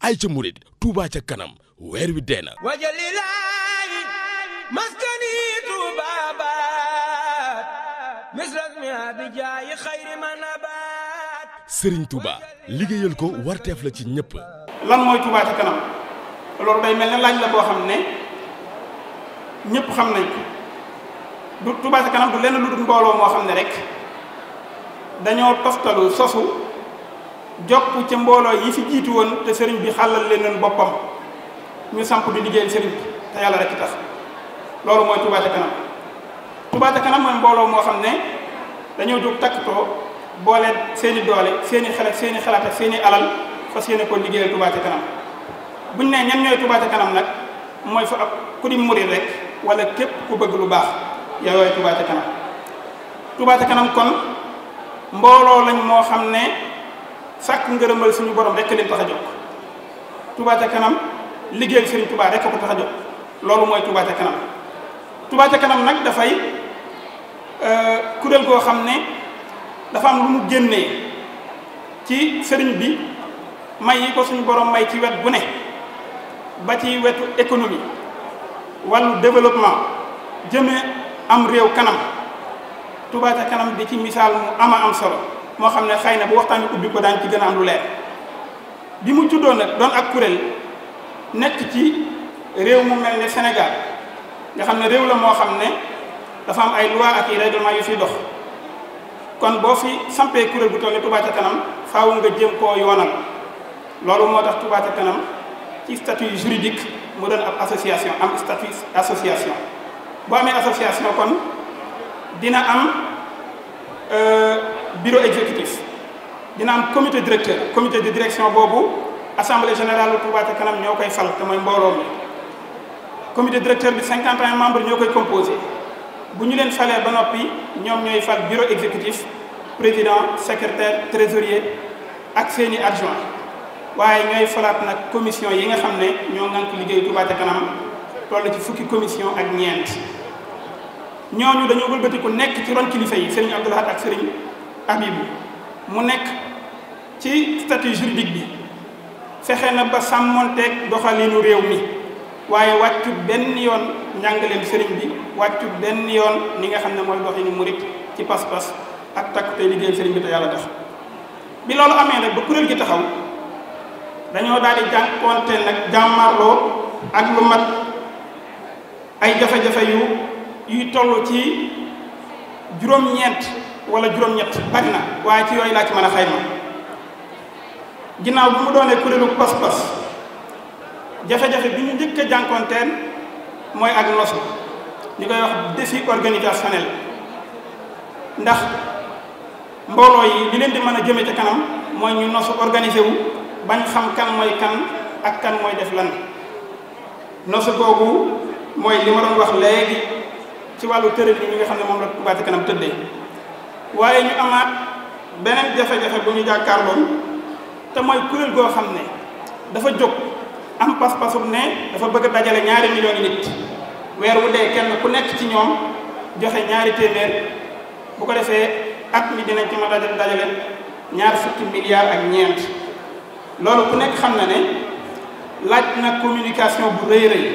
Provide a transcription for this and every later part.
ay ca murit Touba ca kanam weer wi dee na wajalilaayi maskani Touba misras mi abijaayi xayri manabaat Serigne Touba liggéeyal ko warteef la ci ñépp lan mooy Touba ca kanam loolu day mel ne laaj la boo xam ne ñëpp xam nañ ko du Touba ca kanam du lenn lu dul mbooloo moo xam ne rek dañoo toftalu sosu jokk ci mbooloo yi fi jiitu woon te sëriñ bi xàllal leen boppam ñu samp di liggéeyal sëriñ bi te yàlla rek tax loolu mooy Touba ca kanam Touba ca kanam mooy mbooloo moo xam ne dañoo jóg takkatoo boole seen i doole seen i xel ak seen i xalaat ak seen i alal fas buñ ne ñan ñooy Touba ca kanam nag mooy fa ab ku di murid rek wala képp ku bëgg lu baax yooyu Touba ca kanam Touba ca kanam kon mbooloo lañ moo xam ne. sàkk ngërëmal suñu borom rekk leen tax a jóg Touba ca kanam liggéeyal Serigne Touba rek ko tax a jóg loolu mooy Touba ca kanam Touba ca kanam nag dafay euh, kuréel goo xam ne dafa am lu mu génnee ci sëriñ bi may yi ko suñu borom may ci wet bu ne ba ci wetu économie wàllu développement jëmee am réew kanam Touba ca kanam di ci misaal mu ama am solo moo xam ne xëy na bu waxtaan bi ubbi ko daañu ci gën a am lu leer bi mu juddoo nag doon ak kuréel nekk ci réew mu mel ne Sénégal nga xam ne réew la moo xam ne dafa am ay loi ak i règlement yu fiy dox kon boo fi sampee kuréel bu toll ne Touba ca kanam faaw nga jëm koo yoonal loolu moo tax Touba ca kanam ci statut juridique mu doon ab association am statut association boo amee association kon dina am euh, bureau exécutif dina am comité directeur comité de direction boobu assemblée générale Touba Kanam ñoo koy fal te mooy mbooloom mi comité directeur bi cinquante 51 membre ñoo koy composé bu ñu leen falee ba noppi ñoom ñooy fal bureau exécutif président secrétaire trésorier ak seeni adjoint waaye ñooy falaat nag commission yi nga xam ne ñoo ngànk liggéey Touba Ca Kanam toll ci fukki commission ak ñeent ñooñu dañoo wëlbatiku nekk ci ron kilifa yi Serigne Abdoulahat ak Serigne abibu mu nekk ci statut juridique bi fexe na ba sàmmonteeg doxalinu réew mi waaye wàccu benn yoon njàngaleem sëriñ bi wàccu benn yoon ni nga xam ne mooy doxinu murit ci pas-pas ak takku tey liggéeyal sëriñ bi te yàlla tax bi loolu amee nag ba kuréel gi taxaw dañoo daal di jànkonte nag jàmmarloo ak lu mat ay jafe-jafe yu yuy toll ci juróom-ñeent wala juróom-ñett bari na waaye ci yooyu laa ci mën a xayma ginnaaw bu mu doonee kuréelu pas-pas jafe-jafe bi ñu njëkk a jànkonteel mooy ak nosu ñu koy wax défi organisationnel ndax mbooloo yi li leen di mën a jëme ca kanam mooy ñu nosu organisé wu bañ xam kan mooy kan ak kan mooy def lan nosu googu mooy li ma doon wax léegi ci wàllu tërël yi ñi nga xam ne moom la Touba ca kanam tëddee waaye ñu amaat beneen jafe-jafe bu ñu jàkkaarloon te mooy kuréel goo xam ne dafa jóg am pas-pasum ne dafa bëgg dajale ñaari millions yi nit weer wu dee kenn ku nekk ci ñoom joxe ñaari téeméer bu ko defee at mi dinañ ci ma dajale dajale ñaar fukki milliards ak ñeent loolu ku nekk xam na ne laaj na communication bu rëy rëy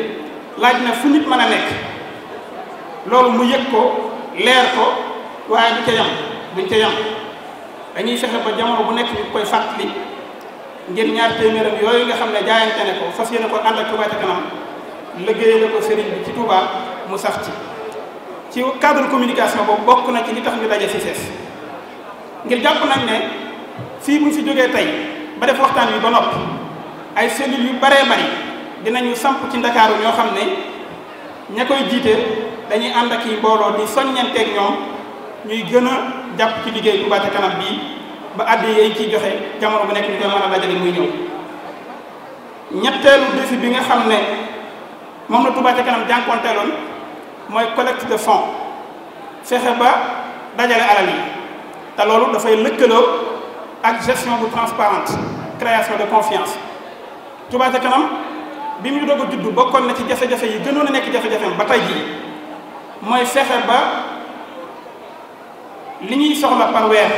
laaj na fu nit mën a nekk loolu mu yëg ko leer ko waaye du ca yam duñ ca yam dañuy fexe ba jamono bu nekk ñu koy li ngir ñaar téeméeram yooyu nga xam ne jaayante ne ko fas yéene ko ànd ak Touba ca kanam liggéey la ko sëriñ bi ci Touba mu sax ci ci cadre communication boobu bokk na ci ni tax ñu daje si sees ngir jàpp nañ ne fii buñ fi jógee tey ba def waxtaan wi ba nopp ay cellules yu baree bari dinañu samp ci ndakaaru ñoo xam ne ña koy jiite dañuy ànd ak yi mbooloo di soññanteeg ñoom ñuy gën a jàpp ci liggéey Touba ca kanam bii ba àddi yi ciy joxe jamono bu nekk ñu koy mën a dajale muy ñëw ñetteelu défi bi nga xam ne moom la Touba ca kanam jànkoonteeloon mooy collecte de fonds fexe ba dajale alal yi te loolu dafay lëkkaloo ak gestion bu transparente création de confiance Touba ca kanam bi mu doog a juddu bokkoon na ci jafe-jafe yi gënoon a nekk jafe-jafeem ba tey jii mooy fexe ba li ñuy soxla par weer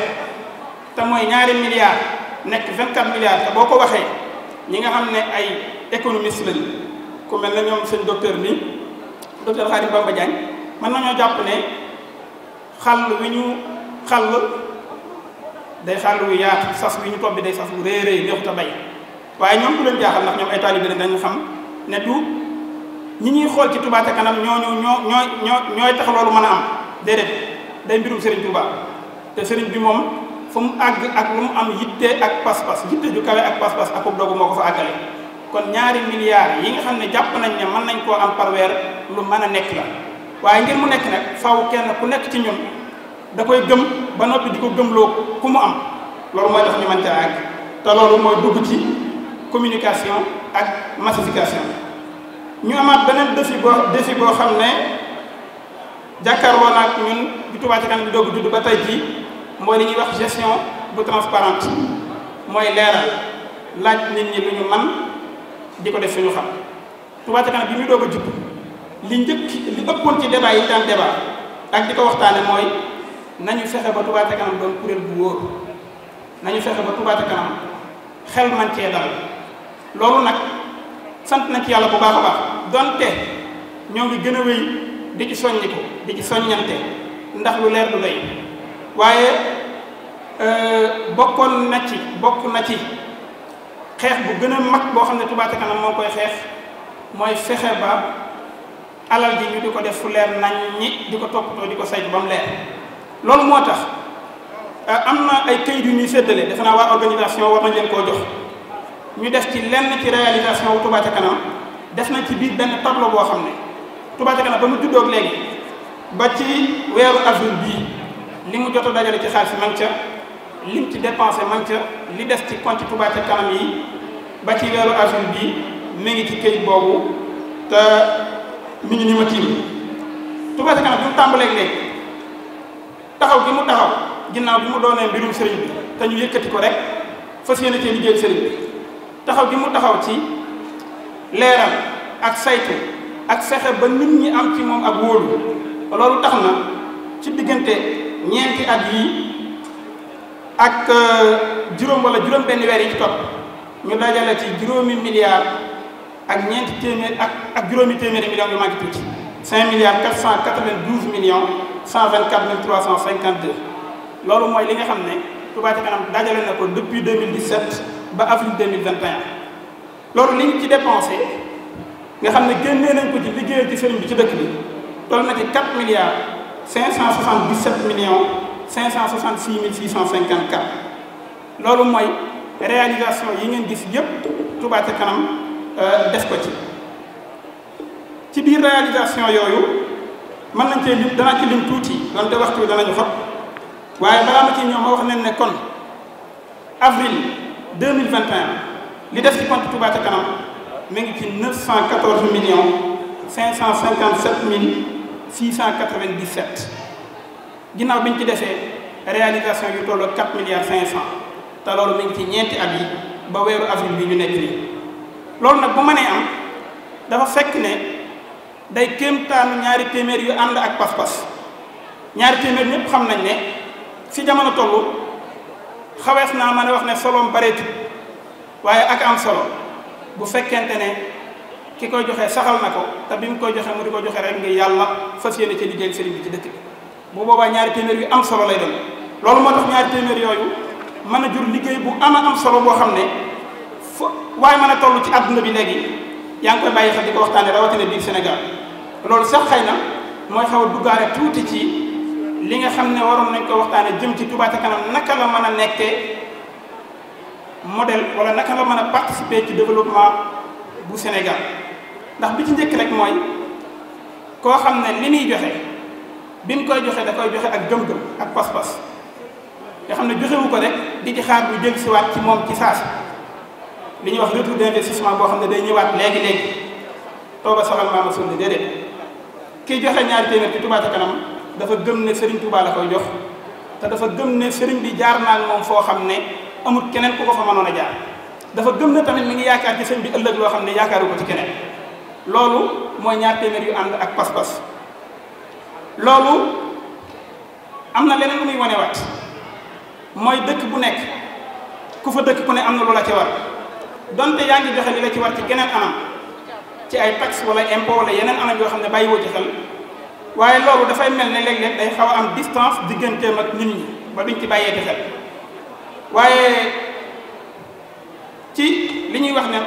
te mooy ñaari milliards nekk 24 milliards te boo ko waxee ñi nga xam ne ay économistes lañ ku mel ne ñoom seen docteur bi docteur Khadim Bamba Diagne mën nañoo jàpp ne xàll wi ñu xàll day xàll wi yaatu sas wi ñu tobbi day sas wu rëy rëy neexut bay waaye ñoom du leen jaaxal ndax ñoom ay taalibe lañ dañu xam ne du ñi ñuy xool ci Touba ca ñoo ñooñu ñoo ñoo ñoo ñooy tax loolu mën a am déedéet. day mbirum Serigne Touba te Serigne bi moom fu mu àgg ak lu mu am yitte ak pas-pas yitte ju kawe ak pas-pas ak dogu moo ko fa àggale kon ñaari milliards yi nga xam ne jàpp nañ ne mën nañ koo am par weer lu mën a nekk la waaye ngir mu nekk nag faw kenn ku nekk ci ñun da koy gëm ba noppi di ko gëmloo ku mu am loolu mooy tax ñu mën caa àgg te loolu mooy dugg ci communication ak massification ñu amaat beneen défi boo défi boo xam ne jàkkaarloo nag ñun bi Touba ca kanam di doog judd ba tey jii mooy li ñuy wax gestion bu transparente mooy leeral laaj nit ñi lu ñu man di ko def suñu xam Touba ca kanam bi muy doo a judd li njëkk li ëppoon ci débat yi daan débat ak di ko waxtaane mooy nañu fexe ba Touba ca kanam doon kuréel bu wóor nañu fexe ba Touba ca kanam xel man cee dal loolu nag sant nañ ci yàlla bu baax a baax donte ñoo ngi gën wéy di ci soññiku di ci soññante ndax lu leer du doy waaye euh, bokkoon na ci bokk na ci xeex bu gën a mag boo xam ne Touba ca kanam moo koy xeex mooy fexe ba alal ji ñu di ko def fu leer nañ ñi di ko toppatoo di ko saytu ba mu leer loolu moo tax euh, am na ay kayit yu ñuy séddale defe naa waa organisation war nañ leen koo jox ñu def ci lenn ci réalisation wu Touba ca kanam def na ci biir benn tableau boo xam ne Touba ca kanam ba mu juddoo léegi ba ci weeru avril bii li mu jot a dajale ci xaalis man ca lim ci dépensé man li des ci compte Touba ca kanam yi ba ci weeru avril bii mi ngi ci këyit boobu te mi ngi ni ma tiim Touba ca kanam bi mu tàmbalee léegi taxaw gi mu taxaw ginnaaw bi mu doonee mbirum sëriñ bi te ñu yëkkati ko rek fas yéene cee liggéey sëriñ bi taxaw gi mu taxaw ci leeral ak saytu. ak fexe ba nit ñi am ci moom ak wóolu loolu tax na ci diggante ñeenti at yii ak euh, juróom wala juróom benn weer yi ci topp ñu dajale ci juróomi milliards ak ñeenti téeméer ak ak juróomi téeméeri millions yu manqué tuuti. 5 milliards 492 millions 124 mille 352 loolu mooy li nga xam ne Touba Ca Kanam dajale na ko depuis 2017 ba avril 2021 loolu li ñu ci dépensé. nga xam ne génnee nañ ko ci liggéeyal ci sëriñ bi ci dëkk bi toll na ci 4 milliards 577 millions 566 mille 654 loolu mooy réalisation yi ngeen gis yépp Touba ca kanam euh, def ko ci ci biir réalisation yooyu mën nañ cee lim danaa ci lim tuuti te waxtu bi danañu fot waaye balaa ma ci ñoom ma wax leen ne kon avril 2021 li def ci compte Touba ca kanam mi ngi ci 914 millions 557 mille 697 ginnaaw bi ñu ci defee réalisation yu toll ak 4 milliards 500 te loolu mi ngi ci ñeenti at yi ba weeru avril bi ñu nekk nii loolu nag bu mënee am dafa fekk ne day kéemtaanu ñaari téeméer yu ànd ak pas-pas ñaari téeméer ñëpp xam nañ ne fi jamono toll xawees naa ma ne wax ne soloom bareetu waaye ak am solo. bu fekkente ne ki koy joxe saxal na ko te bi mu koy joxe mu di ko joxe rek ngir yàlla fas yéene ci liggéeyal sëriñ bi ci dëkk bi bu boobaa ñaari téeméer yu am solo lay doon loolu moo tax ñaari téeméer yooyu mën a jur liggéey bu ama am solo boo xam ne fu waaye man a toll ci àdduna bi léegi yaa ngi koy bàyyi xel di ko waxtaane rawatina biir Sénégal loolu sax xëy na mooy xaw a duggaale tuuti ci li nga xam ne waroon nañ ko waxtaane jëm ci Touba ca kanam naka la mën a nekkee modèle wala naka la mën a participer ci développement bu Sénégal ndax bi ci njëkk rek mooy koo xam ne li muy joxe bi mu koy joxee da koy joxe ak gëm-gëm ak pas-pas nga xam ne joxewu ko rek di ci xaar bu jël siwaat ci moom ci saasi li ñuy wax retour d'investissement boo xam ne day ñëwaat léegi léegi tooba soxal maama suul ni déedéet kii joxe ñaari téeméer ci Touba ca kanam dafa gëm ne sëriñ Touba a koy jox te dafa gëm ne Serigne bi jaar naa ak moom foo xam ne amul keneen ku ko fa mënoon a jaar dafa gëm na tamit mi ngi yaakaar ci sëñ bi ëllëg loo xam ne yaakaaru ko ci keneen loolu mooy ñaar téeméer yu ànd ak pas-pas loolu am na leneen lu muy wat mooy dëkk bu nekk ku fa dëkk bu ne am na lool la ci war donte yaa ngi joxe li la ci war ci geneen anam ci ay taxe wala impôt wala yeneen anam yoo xam ne bàyyiwoo ci xel waaye loolu dafay mel ne léeg-léeg day xaw a am distance digganteem ak nit ñi ba duñ ci bàyyee ci waaye ci li ñuy wax ne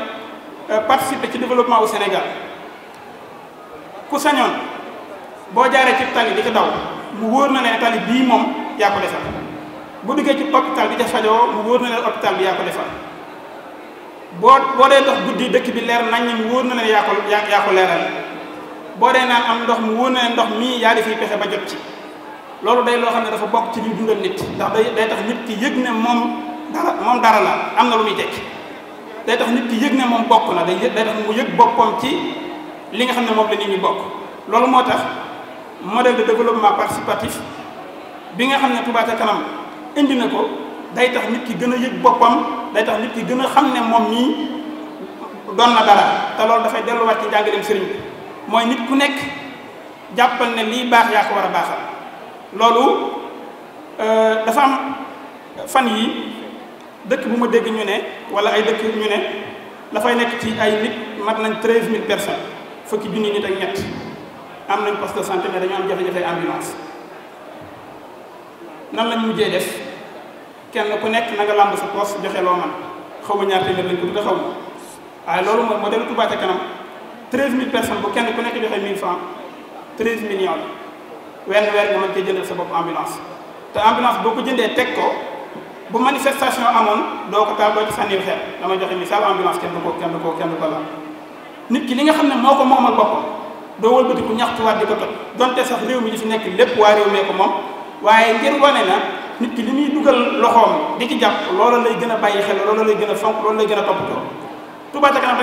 euh, participer ci développement u Sénégal ku sañoon boo jaaree ci tali di ko daw mu wóor na ne tali bii moom yaa ko defal bu duggee ci hôpital bi ca fajoo mu wóor na ne hôpital bi yaa ko defal boo boo dee dox guddi dëkk bi leer nañ mu wóor na ne yaa ko yaa ko leeral boo dee naan am ndox mu wóor na ne ndox mii yaa di fiy pexe ba jot ci loolu day loo xam ne dafa bokk ci li dundal nit ndax day day tax nit ki yëg ne moom dara moom dara la am na lu muy tekki day tax nit ki yëg ne moom bokk na day day tax mu yëg boppam ci li nga xam ne moom la nit ñi bokk loolu moo tax modèle de développement participatif bi nga xam ne Touba ca indi na ko day nit ki gën a yëg boppam day tax nit ki gën a xam ne moom nii doon na dara te loolu dafay delluwaat ci njàngaleem sëriñ bi mooy nit ku nekk jàppal ne lii baax yaa ko war a baaxal loolu euh, dafa am fan yii dëkk bu ma dégg ñu ne wala ay dëkk ñu ne dafay nekk ci ay nit mat nañ treize mille personnes fukki junni nit ak ñett am nañ poste de santé mais dañu am jafe-jafe ambulance nan lañ mujjee def kenn ku nekk na nga làmb sa poste joxe loo man xaw ma ñaar téeméer lañ ko tudde loolu mooy moo dellu Touba ca kanam treize mille personne bu kenn ku nekk joxe mille francs treize millions wenn weer nga mën cee jëndal sa bopp ambulance te ambulance boo ko jëndee teg ko bu manifestation amoon doo ko taal doo ci sànniw xeer dama joxe misaal ambulance kenn du ko kenn du ko kenn du ko laal nit ki li nga xam ne moo ko moomal boppam doo wëlbati ku ñaxtuwaat di ko toj donte sax réew mi di fi nekk lépp waa réew mee ko moom waaye ngir wane na nit ki li muy dugal loxoom di ci jàpp loolu lay gën a bàyyi xel loolu lay gën a fonk loolu lay gën a toppatoo Touba ca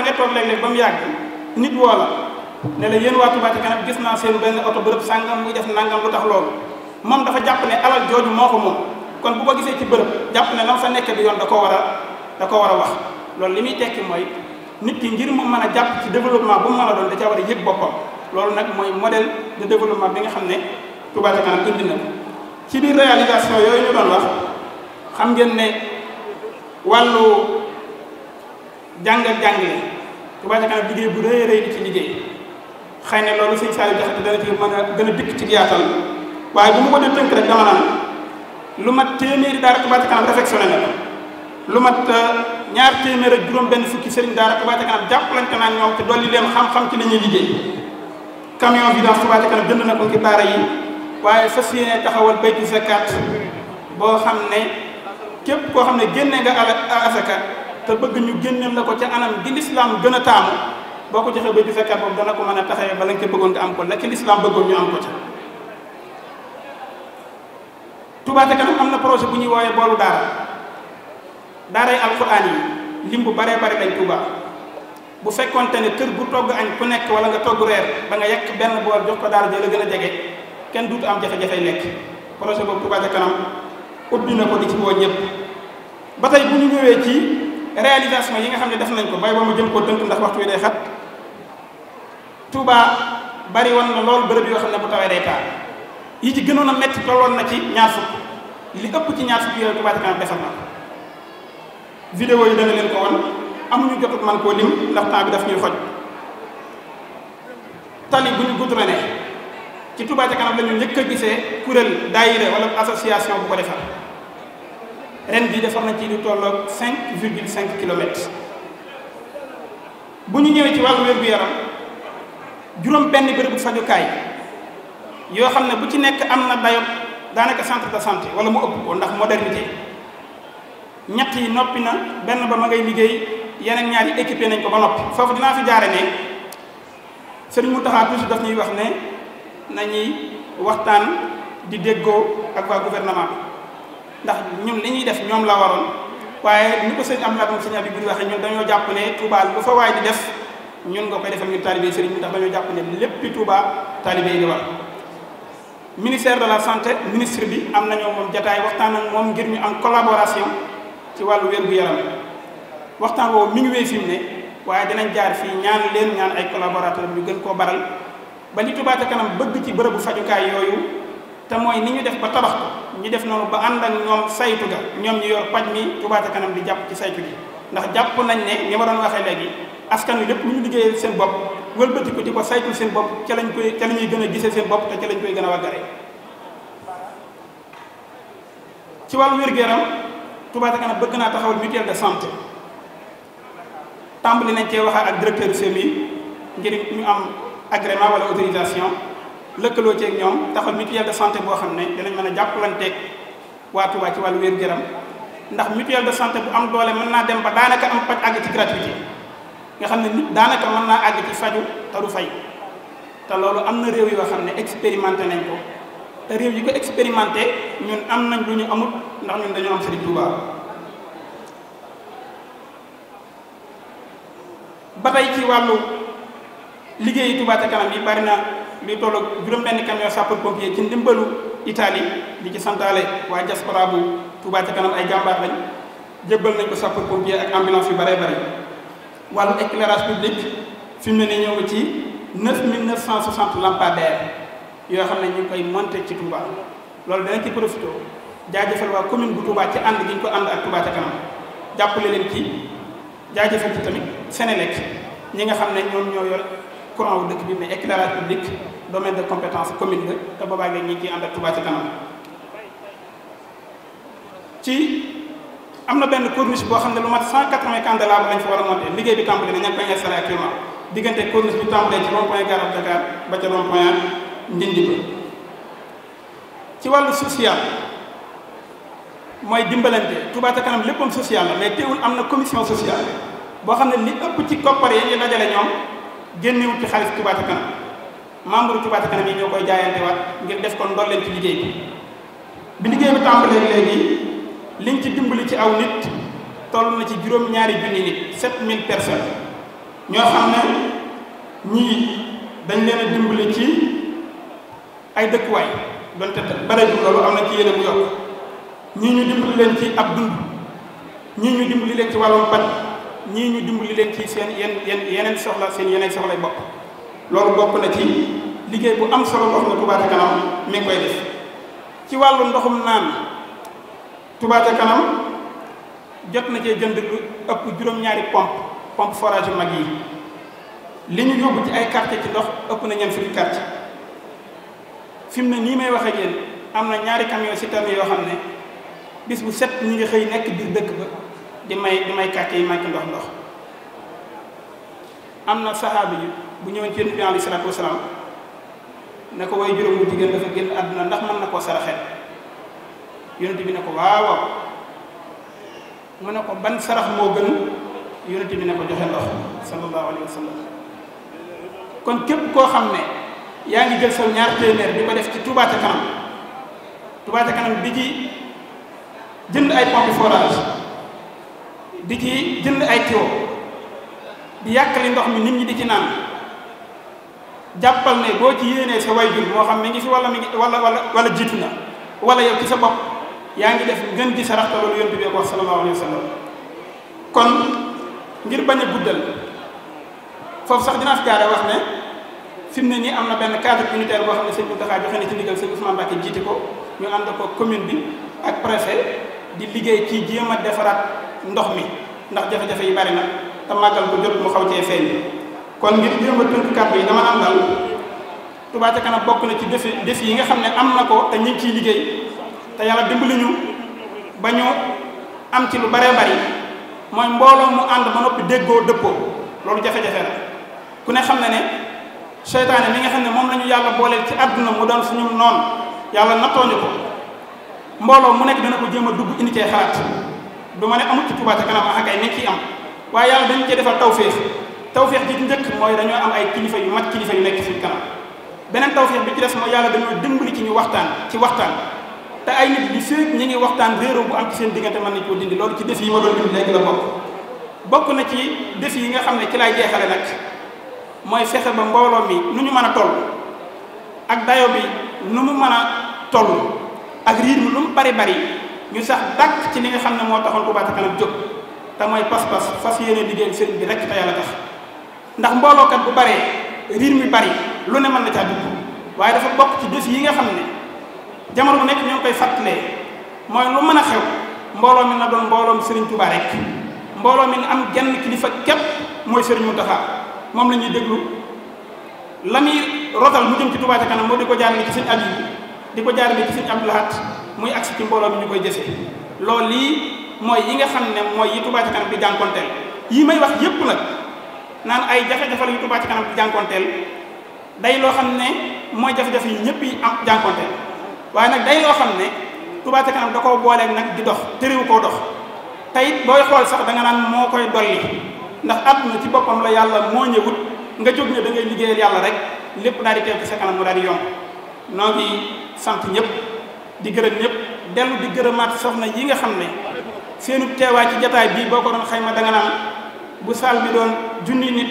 mu yàgg nit woo la ne la yéen waa Touba ca kanam gis naa seen benn oto bërëb sàngam muy def nangam lu tax loolu moom dafa jàpp ne alal jooju moo ko moom kon bu ko gisee ci bërëb jàpp ne lam fa nekk du yoon da ko war a da ko war a wax loolu li muy tekki mooy nit ki ngir mu mën a jàpp ci développement bu ma mën a doon da ca war a yëg boppam loolu nag mooy modèle de développement bi nga xam ne Touba ca kanam indi na ci biir réalisation yooyu ñu doon wax xam ngeen ne wàllu jàng ak jàngale Touba ca bu rëy rëy liggéey xëy na loolu sëñ Saliou Diakhaté dana ci mën a gën a dikk ci yaatal waaye bu ma ko dee tënk rek dama naan lu mat téeméeri daara Touba ca kanam réfectionné na lu mat euh, ñaar téeméer ak juróom benn fukki sëriñ daara Touba ca kanam jàppalante naa ñoom te dolli leen xam-xam ci la ñuy liggéey camion bi dans Touba ca kanam jënd na ko ci daara yi waaye fas yéene taxawal bayti zakat boo xam ne képp koo xam ne génne nga ala asaka te bëgg ñu génneel la ko ca anam gi lislaam gën a taamu boo ko joxee ba ju fekkaat boobu dana ko mën a taxawee ba la nga bëggoon nga am ko la ci lislaam bëggoon ñu am ko ca Touba Ca Kanam am na projet bu ñuy woowee boolu daara daaray alquran yi lim bu baree bari dañ Touba bu fekkonte ne kër bu togg añ ku nekk wala nga togg reer ba nga yekk benn boor jox ko daara jëla gën a jege kenn duutu am jafe-jafey nekk projet boobu Touba Ca Kanam ubbi na ko di ci woo ñëpp ba tey bu ñu ñëwee ci réalisation yi nga xam ne def nañ ko bay ba mu jëm koo tënk ndax waxtu wi day xat Touba bari woon na loolu bërëb yoo xam ne bu tawee day taal yi ci gënoon a metti tolloon na ci ñaar fukk li ëpp ci ñaar fukk yooyu Touba ci kanam defal na ko vidéo yi leen ko won amuñu jotut man koo lim ndax temps bi daf ñuy xoj tali bu ñu goudronné ci Touba ca kanam la ñu a gisee kuréel daayira wala association bu ko defar ren bi defar na ci lu tolloog 5 virgule 5 kilomètres bu ñu ñëwee ci wàllu wér-gu-yaram juróom benn bërëbu fajukaay yoo xam ne bu ci nekk am na dayo daanaka centre de santé wala mu ëpp ko ndax modernité ñett yi noppi na benn ba ma ngay liggéey yeneen ñaar yi équipé nañ ko ba noppi foofu dinaa fi jaare ne sëriñ Mountakha toujours daf ñuy wax ne nañuy waxtaan di déggoo ak waa gouvernement bi ndax ñun li ñuy def ñoom la waroon waaye ni ko sëñ am la doon sëñ Abibou di waxee ñun dañoo jàpp ne Touba lu fa waay di def ñun nga koy defal ngir taalibe sëriñ bi ndax dañoo jàpp ne léppi Touba taalibe yi di war ministère de la santé ministre bi am nañoo moom jataay waxtaan ak moom ngir ñu am collaboration ci wàllu wér-gu-yaram waxtaan woo mi ngi wéy ne waaye dinañ jaar fii ñaan leen ñaan ay collaborateur ñu gën koo baral ba li Touba ca kanam bëgg ci bërëbu fajukaay yooyu te mooy ni ñu def ba tabax ko ñu def noonu ba ànd ak ñoom saytu ga ñoom ñi yor paj mi Touba kanam di jàpp ci saytu gi ndax jàpp nañ ne ma doon waxee léegi askan wi lépp lu ñu liggéeyee seen bopp wëlbati ko di ko saytul seen bopp ca lañ koy ca la ñuy gën a gisee seen bopp te ca lañ koy gën a wàggare ci wàllu wér-gu-yaram Touba na kanam bëgg naa taxawal mutuelle de santé tàmbali nañ cee waxaat ak directeur semi ngir ñu am agrément wala autorisation lëkkaloo ceeg ñoom taxawal mutuelle de santé boo xam ne dinañ mën a jàppalanteeg waa Touba ci wàll wér-gu-yaram ndax mutuelle de santé bu am doole mën naa dem ba daanaka am paj àgg ci nga xam ne nit daanaka mën naa àgg ci faju te du fay te loolu am na réew yoo xam ne expérimenté nañ ko te réew yi ko expérimenté ñun am nañ lu ñu amut ndax ñun dañoo am Serigne Touba ba tey ci wàllu liggéeyu Touba kanam yi bari na luy tolloog juróom-benn camion sapeur pompier ci ndimbalu Italie di ci santaale waa diaspora bu Touba ca kanam ay jàmbaar lañ jébbal nañ ko sapeur pompier ak ambulance yu bare bari wàllu éclairage public fi mu ne ni ñëw ngi ci 9960 lampadaires yoo xam ne ñu ngi koy monté ci Touba loolu dana ci profité jaajëfal waa commune bu Touba ci ànd gi ñu ko ànd ak Touba ca kanam jàppale leen ci jaajëfal ci tamit Sénélec ñi nga xam ne ñoom ñoo yor courant wu dëkk bi mais éclairage public domaine de compétence commune la te boobaa ngeen ñi ciy ànd ak Touba ca kanam ci. am na benn corniche boo xam ne lu mat 180 candélabres lañ fa war a monter liggéey bi tàmbali na ña ngi koy installé actuellement diggante corniche bi tàmbalee ci rond point Gare Dakar ba ca rond point Ndindi ba ci wàllu social mooy dimbalante Touba ca kanam léppam social la mais teewul am na commission sociale boo xam ne li ëpp ci koppar yi ñu dajale ñoom génnewul ci xaalis Touba ca kanam membre Touba ca kanam yi ñoo koy jaayante waat ngir def ko ndolleen ci liggéey bi bi liggéey bi tàmbalee léegi liñ ci dimbali ci aw nit toll na ci juróom-ñaari junni nit sept mille personnes ñoo xam ne ñii dañ leen a dimbali ci ay dëkkuwaay donte bare bi loolu am na ci yeneen bu yokk ñii ñu dimbali leen ci ab dund ñii ñu dimbali leen ci wàllum paj ñii ñu dimbali leen ci seen yenn yeneen soxla seen yeneen soxlay bopp loolu bokk na ci liggéey bu am solo boo xam ne mi ngi koy def ci wàllu ndoxum naan Touba kanam jot na cee jënd lu ëpp juróom-ñaari pompe pompe forage yu mag yi li ñu yóbbu ci ay quartier ci ndox ëpp na ñeent fukki quartier fi mu ne nii may waxee yéen am na ñaari camion citerne yoo xam ne bis bu set ñu ngi xëy nekk biir dëkk ba di may di may quartier yi manqué ndox ndox am na saxaabi yu bu ñëwoon ci yonent bi alayhi salaatu wasalaam ne ko way juróom bu jigéen dafa génn àdduna ndax mën na koo saraxet yonent bi ne ko waaw mu ne ko ban sarax moo gën yonent bi ne ko joxe ndox sallallahu alayhi kon képp koo xam ne yaa ngi jël sa ñaar téeméer di ko def ci Touba ca kanam Touba kanam di ci jënd ay pompe forage di ci jënd ay tuyau di yàqali ndox mi nit ñi di ci naan jàppal ne boo ci yéenee sa wayjur moo xam ne ngi fi wala mi ngi wala wala wala jiitu na wala yow ci sa bopp yaa ngi def ngeen di sarax te loolu yonent bi wax sallallahu alayhi wa sallam kon ngir bañ a guddal foofu sax dinaa fi jaare wax ne fi ne nii am na benn cadre unitaire boo xam ne sëñ Mountakha joxe na ci ndigal sëñ Ousmane Mbacké jiite ko ñu ànd ko commune bi ak préfet di liggéey ci jéem a defaraat ndox mi ndax jafe-jafe yi bari na te màggal ko jot mu xaw cee feeñ kon ngir jéem a tënk kàddu yi dama am daal Touba ca kanam bokk na ci défi défi yi nga xam ne am na ko te ciy liggéey te yàlla dimbali ñu ba ñu am ci lu baree bari mooy mbooloo mu ànd ba noppi déggoo dëppoo loolu jafe-jafe la ku ne xam ne ne seytaane mi nga xam ne moom la ñu yàlla booleel ci àdduna mu doon suñu noon yàlla nattooñu ko mbooloo mu nekk dina ko jéem a dugg indi cee xalaat du ma ne amul ci Touba ca kanam ak ay nekk am waaye yàlla dañu cee defal tawféex tawféex ji ci njëkk mooy dañoo am ay kilifa yu mat kilifa yu nekk suñu kanam beneen tawféex bi ci def mooy yàlla dañoo dimbali ci ñu waxtaan ci waxtaan te ay nit bi féeg ñi ngi waxtaan réeroo bu am ci seen diggante mën nañ koo dindi loolu ci def yi ma doon dund léegi la bokk bokk na ci def yi nga xam ne ci laay jeexale nag mooy fexe ba mbooloo mi nu ñu mën a toll ak dayo bi nu mu mën a toll ak riir mi lu mu bari bari ñu sax dàkk ci li nga xam ne moo taxoon Touba ca kanam jóg te mooy pas-pas fas yéene liggéeyal sëriñ bi rek te yàlla tax ndax mboolookat bu baree riir mi bari lu ne mën na caa dugg waaye dafa ci yi nga xam ne jamono bu nekk ñu koy fàttalee mooy lu mën a xew mbooloo mi na doon mbooloom Serigne Touba rek mbooloo mi nga am genn kilifa képp mooy Serigne Mountakha moom la ñuy déglu la muy rotal mu jëm ci Touba ca kanam moo di ko jaarale ci Serigne Aliou di ko jaarale ci Serigne Abdou Lahat muy agsi ci mbooloo mi ñu koy jëfee lool lii mooy yi nga xam ne mooy yi Touba ca kanam di jànkonteel yi may wax yépp nag naan ay jafe-jafe la yu Touba kanam di jànkonteel day loo xam ne mooy jafe yi ñëpp yi am waaye nag day loo xam ne Touba ca kanam da koo booleeg nag di dox tëriwu koo dox te it booy xool sax danga naan moo koy dolli ndax àdduna ci boppam la yàlla moo ñëwut nga jóg ne da ngay liggéeyal yàlla rek lépp daal di teew ci sa kanam mu daal noo ngi sant ñëpp di gërëm ñëpp dellu di gërëmaat soxna yi nga xam ne seenu teewaay ci jataay bii boo ko doon xayma da nga naan bu saal bi doon junni nit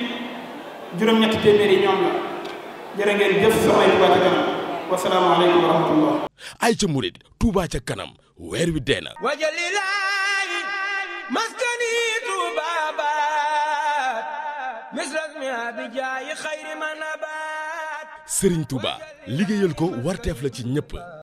juróom-ñetti téeméer yi ñoom la jërë ngeen jëf soxna yi ay ca murit Touba ca kanam weer wi dee na wajalilaayi maskani Touba baat misras mi abijaayi xayri ma nabaat Serigne Touba liggéeyal ko warteef la ci ñëpp